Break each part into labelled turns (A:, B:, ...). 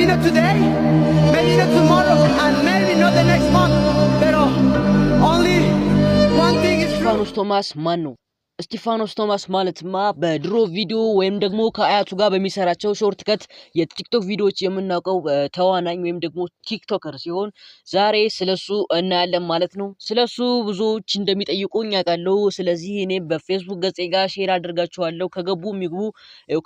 A: Maybe not today, maybe not tomorrow, and maybe not the next month. Pero only one thing is true.
B: ቶማስ ማን ነው? እስጢፋኖስ ቶማስ ማለትማ በድሮ ቪዲዮ ወይም ደግሞ ከአያቱ ጋር በሚሰራቸው ሾርት ከት የቲክቶክ ቪዲዮዎች የምናውቀው ተዋናኝ ወይም ደግሞ ቲክቶከር ሲሆን ዛሬ ስለሱ እናያለን ማለት ነው። ስለሱ ብዙዎች እንደሚጠይቁኝ አውቃለሁ። ስለዚህ እኔ በፌስቡክ ገጼ ጋር ሼር አድርጋችኋለሁ። ከገቡ የሚግቡ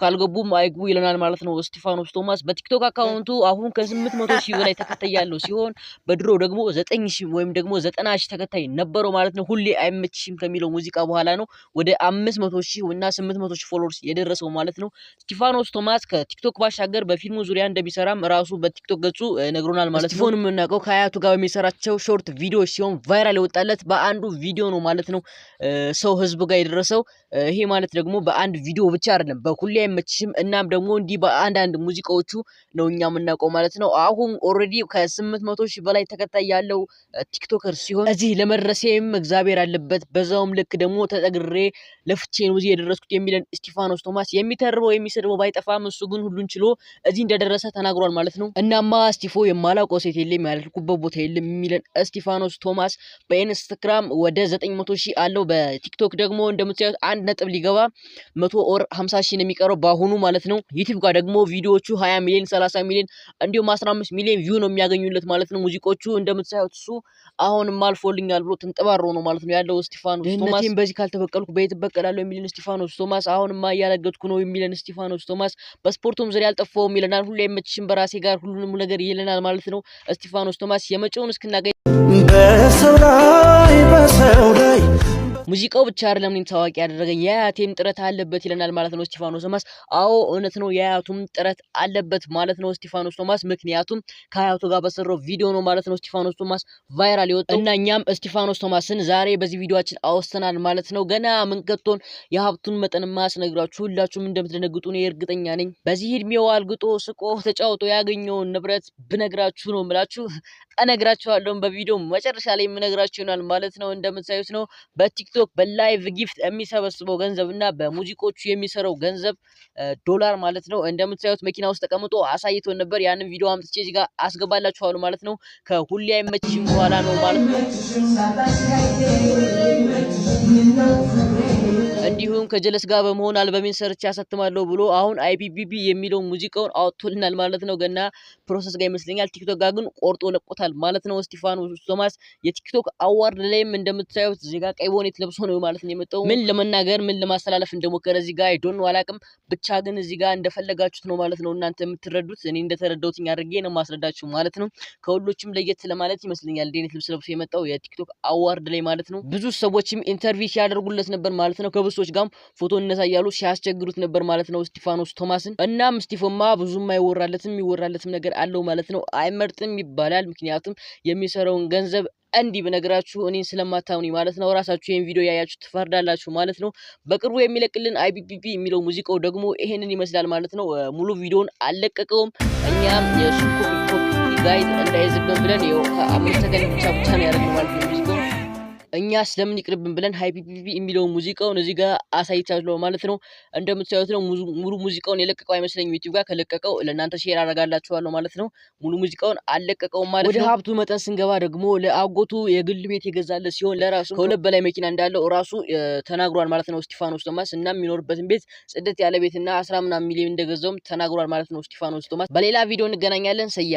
B: ካልገቡም አይግቡ ይለናል ማለት ነው። እስጢፋኖስ ቶማስ በቲክቶክ አካውንቱ አሁን ከስምንት መቶ ሺህ በላይ ተከታይ ያለው ሲሆን በድሮ ደግሞ ዘጠኝ ሺህ ወይም ደግሞ ዘጠና ሺህ ተከታይ ነበረው ማለት ነው። ሁሌ አይመችሽም ከሚለው ሙዚቃ በኋላ ነው ወደ አምስት መቶ ሺህ እና ስምንት መቶ ሺህ ፎሎወርስ የደረሰው ማለት ነው። ስቲፋኖስ ቶማስ ከቲክቶክ ባሻገር በፊልሙ ዙሪያ እንደሚሰራም ራሱ በቲክቶክ ገጹ eh, ነግሮናል ማለት ነው። ስቲፋኖን የምናውቀው ከአያቱ ጋር በሚሰራቸው ሾርት ቪዲዮ ሲሆን ቫይራል የወጣለት በአንዱ ቪዲዮ ነው ማለት ነው eh, ሰው ህዝቡ ጋር የደረሰው። eh, ይሄ ማለት ደግሞ በአንድ ቪዲዮ ብቻ አይደለም፣ በኩል አይመችሽም እናም ደግሞ እንዲህ በአንዳንድ ሙዚቃዎቹ ነው እኛ የምናውቀው ማለት ነው። አሁን ኦልሬዲ ከስምንት መቶ ሺህ በላይ ተከታይ ያለው ቲክቶከር ሲሆን እዚህ ለመድረሴም እግዚአብሔር አለበት በዛውም ልክ ደግሞ ተጠግሬ ለፍቼ ነው እዚህ የደረስኩት የሚለን እስጢፋኖስ ቶማስ የሚተርበው የሚሰድበው ባይጠፋም እሱ ግን ሁሉን ችሎ እዚህ እንደደረሰ ተናግሯል ማለት ነው። እናማ እስጢፎ የማላውቀው ሴት የለም ያልኩበት ቦታ የለም የሚለን እስቲፋኖስ ቶማስ በኢንስትግራም ወደ ዘጠኝ መቶ ሺህ አለው። በቲክቶክ ደግሞ እንደምታዩት አንድ ነጥብ ሊገባ መቶ ኦር ሀምሳ ሺህ ነው የሚቀረው በአሁኑ ማለት ነው። ዩቲብ ጋር ደግሞ ቪዲዮዎቹ ሀያ ሚሊዮን ሰላሳ ሚሊዮን እንዲሁም አስራ አምስት ሚሊዮን ቪው ነው የሚያገኙለት ማለት ነው። ሙዚቆቹ እንደምታዩት እሱ አሁንም አልፎልኛል ብሎ ትንጥባሮ ነው ማለት ነው ያለው እስጢፋኖስ ቶማስ። በዚህ ካልተበቀልኩ በየት በቀላሉ የሚልን ስቲፋኖስ ቶማስ አሁንማ እያረገጥኩ ነው የሚለን ስቲፋኖስ ቶማስ በስፖርቱም ዙሪያ አልጠፋውም ይለናል። ሁሌ የምትሽን በራሴ ጋር ሁሉንም ነገር ይለናል ማለት ነው ስቲፋኖስ ቶማስ የመጪውን እስክናገኝ በሰው ላይ በሰው ላይ ሙዚቃው ብቻ አይደለም እኔም ታዋቂ ያደረገኝ የአያቴም ጥረት አለበት ይለናል ማለት ነው እስጢፋኖስ ቶማስ። አዎ እውነት ነው፣ የአያቱም ጥረት አለበት ማለት ነው እስጢፋኖስ ቶማስ። ምክንያቱም ከአያቱ ጋር በሰራው ቪዲዮ ነው ማለት ነው እስጢፋኖስ ቶማስ ቫይራል የወጣው እና እኛም እስጢፋኖስ ቶማስን ዛሬ በዚህ ቪዲዮችን አወስተናል ማለት ነው። ገና ምንከቶን የሀብቱን መጠን ማስነግራችሁ ሁላችሁም እንደምትደነግጡ እኔ እርግጠኛ ነኝ። በዚህ እድሜው አልግጦ ስቆ ተጫውቶ ያገኘውን ንብረት ብነግራችሁ ነው የምላችሁ እነግራችኋለሁም በቪዲዮ መጨረሻ ላይ የምነግራችሁ ይሆናል ማለት ነው። እንደምታዩት ነው በቲክቶክ በላይቭ ጊፍት የሚሰበስበው ገንዘብ እና በሙዚቆቹ የሚሰራው ገንዘብ ዶላር ማለት ነው። እንደምታዩት መኪና ውስጥ ተቀምጦ አሳይቶን ነበር። ያንን ቪዲዮ አምጥቼ እዚህ ጋር አስገባላችኋለሁ ማለት ነው። ከሁሌ አይመችሽም በኋላ ነው ማለት ነው። እንዲሁም ከጀለስ ጋር በመሆን አልበሚን ሰርቼ ያሳትማለሁ ብሎ አሁን አይፒፒፒ የሚለው ሙዚቃውን አወጥቶልናል ማለት ነው። ገና ፕሮሰስ ጋር ይመስለኛል። ቲክቶክ ጋር ግን ቆርጦ ለቆታል ማለት ነው። ስቲፋን ቶማስ የቲክቶክ አዋርድ ላይም እንደምታዩት ዜጋ ቀይ ቦኔት ለብሶ ነው ማለት ነው የመጣው። ምን ለመናገር ምን ለማስተላለፍ እንደሞከረ እዚህ ጋር አይዶን አላቅም። ብቻ ግን እዚህ ጋር እንደፈለጋችሁት ነው ማለት ነው እናንተ የምትረዱት። እኔ እንደተረዳሁትኝ አድርጌ ነው ማስረዳችሁ ማለት ነው። ከሁሎችም ለየት ለማለት ይመስለኛል እንዲህ ልብስ ለብሶ የመጣው የቲክቶክ አዋርድ ላይ ማለት ነው። ብዙ ሰዎችም ኢንተርቪው ሲያደርጉለት ነበር ማለት ነው ከብሶች ጋርም ፎቶ እነሳ እያሉ ሲያስቸግሩት ነበር ማለት ነው ስቲፋኖስ ቶማስን። እናም ስቲፎማ ብዙም አይወራለትም የሚወራለትም ነገር አለው ማለት ነው። አይመርጥም ይባላል። ምክንያቱም የሚሰራውን ገንዘብ እንዲህ ብነግራችሁ እኔን ስለማታምኒ ማለት ነው። ራሳችሁ ይህን ቪዲዮ ያያችሁ ትፈርዳላችሁ ማለት ነው። በቅርቡ የሚለቅልን አይቢቢቢ የሚለው ሙዚቃው ደግሞ ይሄንን ይመስላል ማለት ነው። ሙሉ ቪዲዮን አልለቀቀውም። እኛም ኮፒ ጋይድ እንዳይዝብን ብለን አምስት ሰከንድ ብቻ ብቻ ነው ያደረግነው ማለት ነው። እኛ ስለምን ይቅርብን ብለን ሃይፒፒፒ የሚለው ሙዚቃውን እዚህ ጋር አሳይቻለሁ ማለት ነው። እንደምታዩት ነው ሙሉ ሙዚቃውን የለቀቀው አይመስለኝም። ዩቲዩብ ጋር ከለቀቀው ለእናንተ ሼር አደርጋላችኋለሁ ማለት ነው። ሙሉ ሙዚቃውን አልለቀቀውም ማለት ነው። ወደ ሀብቱ መጠን ስንገባ ደግሞ ለአጎቱ የግል ቤት የገዛለት ሲሆን ለራሱ ከሁለት በላይ መኪና እንዳለው ራሱ ተናግሯል ማለት ነው። እስጢፋኖስ ቶማስ እና የሚኖርበትን ቤት ጽድት ያለ ቤትና አስራ ምናምን ሚሊዮን እንደገዛውም ተናግሯል ማለት ነው። እስጢፋኖስ ቶማስ። በሌላ ቪዲዮ እንገናኛለን። ሰያ